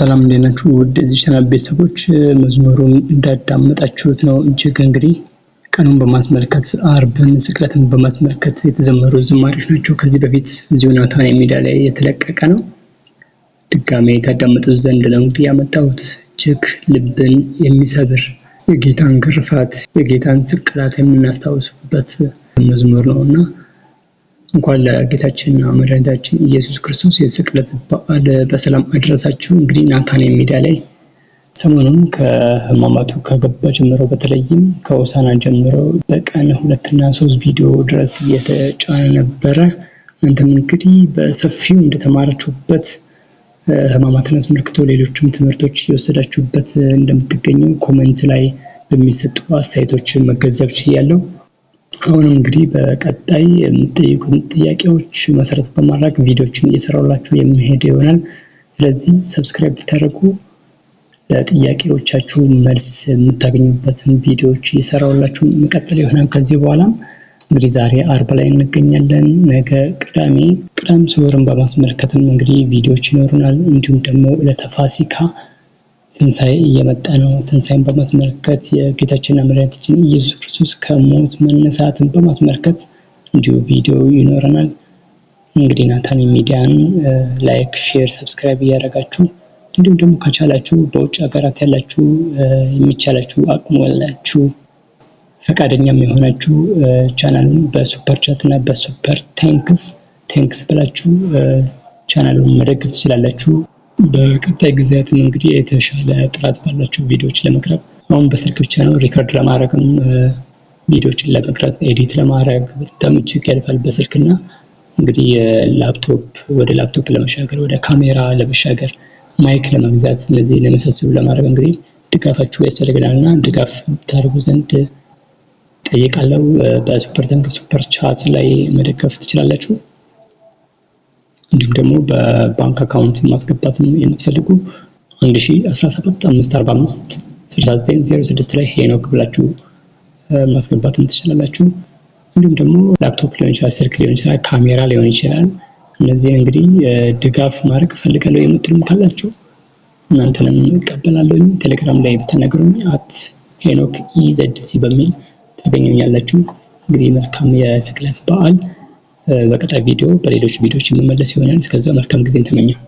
ሰላም እንዴት ናችሁ? ውድ የዚህ ቻናል ቤተሰቦች መዝሙሩን እንዳዳመጣችሁት ነው እጅግ እንግዲህ ቀኑን በማስመልከት አርብን ስቅለትን በማስመልከት የተዘመሩ ዝማሬዎች ናቸው። ከዚህ በፊት እዚሁ ናታንያ ላይ የተለቀቀ ነው። ድጋሜ የታዳመጡት ዘንድ ነው እንግዲህ ያመጣሁት እጅግ ልብን የሚሰብር የጌታን ግርፋት የጌታን ስቅላት የምናስታውስበት መዝሙር ነው እና እንኳን ለጌታችንና መድኃኒታችን ኢየሱስ ክርስቶስ የስቅለት በዓል በሰላም አድረሳችሁ እንግዲህ ናታኔ ሜዳ ላይ ሰሞኑን ከህማማቱ ከገባ ጀምሮ በተለይም ከሆሳዕና ጀምሮ በቀን ሁለትና ሶስት ቪዲዮ ድረስ እየተጫነ ነበረ። አንተም እንግዲህ በሰፊው እንደተማራችሁበት ህማማትን አስመልክቶ ሌሎችም ትምህርቶች እየወሰዳችሁበት እንደምትገኙ ኮመንት ላይ በሚሰጡ አስተያየቶች መገንዘብ ችያለሁ። አሁንም እንግዲህ በቀጣይ የምትጠይቁትን ጥያቄዎች መሰረት በማድረግ ቪዲዮችን እየሰራሁላችሁ የሚሄድ ይሆናል። ስለዚህ ሰብስክራይብ ብታደርጉ ለጥያቄዎቻችሁ መልስ የምታገኙበትን ቪዲዮዎች እየሰራሁላችሁ መቀጠል ይሆናል። ከዚህ በኋላ እንግዲህ ዛሬ አርብ ላይ እንገኛለን። ነገ ቅዳሜ ቅዳም ስዑርን በማስመልከትም እንግዲህ ቪዲዮዎች ይኖሩናል። እንዲሁም ደግሞ ለተፋሲካ ፋሲካ ትንሣኤ እየመጣ ነው። ትንሣኤን በማስመልከት የጌታችንና መድኃኒታችን ኢየሱስ ክርስቶስ ከሞት መነሳትን በማስመልከት እንዲሁ ቪዲዮ ይኖረናል። እንግዲህ ናታን ሚዲያን ላይክ፣ ሼር፣ ሰብስክራይብ እያደረጋችሁ እንዲሁም ደግሞ ከቻላችሁ በውጭ ሀገራት ያላችሁ የሚቻላችሁ አቅሙ ያላችሁ ፈቃደኛም የሆናችሁ ቻናሉን በሱፐር ቻት እና በሱፐር ቴንክስ ቴንክስ ብላችሁ ቻናሉን መደገፍ ትችላላችሁ። በቀጣይ ጊዜያትም እንግዲህ የተሻለ ጥራት ባላቸው ቪዲዮዎች ለመቅረብ አሁን በስልክ ብቻ ነው ሪከርድ ለማድረግም ቪዲዮዎችን ለመቅረጽ ኤዲት ለማድረግ በጣም እጅግ ያልፋል በስልክና እንግዲህ የላፕቶፕ ወደ ላፕቶፕ ለመሻገር ወደ ካሜራ ለመሻገር ማይክ ለመግዛት እነዚህ ለመሳሰሉ ለማድረግ እንግዲህ ድጋፋችሁ ያስፈልገናል ድጋፍ ታደርጉ ዘንድ ጠይቃለሁ። በሱፐር ሱፐር ቻት ላይ መደገፍ ትችላላችሁ። እንዲሁም ደግሞ በባንክ አካውንት ማስገባት የምትፈልጉ 1175456906 ላይ ሄኖክ ብላችሁ ማስገባትም ትችላላችሁ። እንዲሁም ደግሞ ላፕቶፕ ሊሆን ይችላል፣ ስልክ ሊሆን ይችላል፣ ካሜራ ሊሆን ይችላል። እነዚህ እንግዲህ ድጋፍ ማድረግ ፈልጋለሁ የምትሉም ካላችሁ እናንተንም እቀበላለሁ። ቴሌግራም ላይ ብትነግሩኝ አት ሄኖክ ኢዘድሲ በሚል ታገኙኛላችሁ። እንግዲህ መልካም የስቅለት በዓል በቀጣይ ቪዲዮ በሌሎች ቪዲዮዎች የምመለስ ይሆናል። እስከዚያው መልካም ጊዜ እንተመኘው።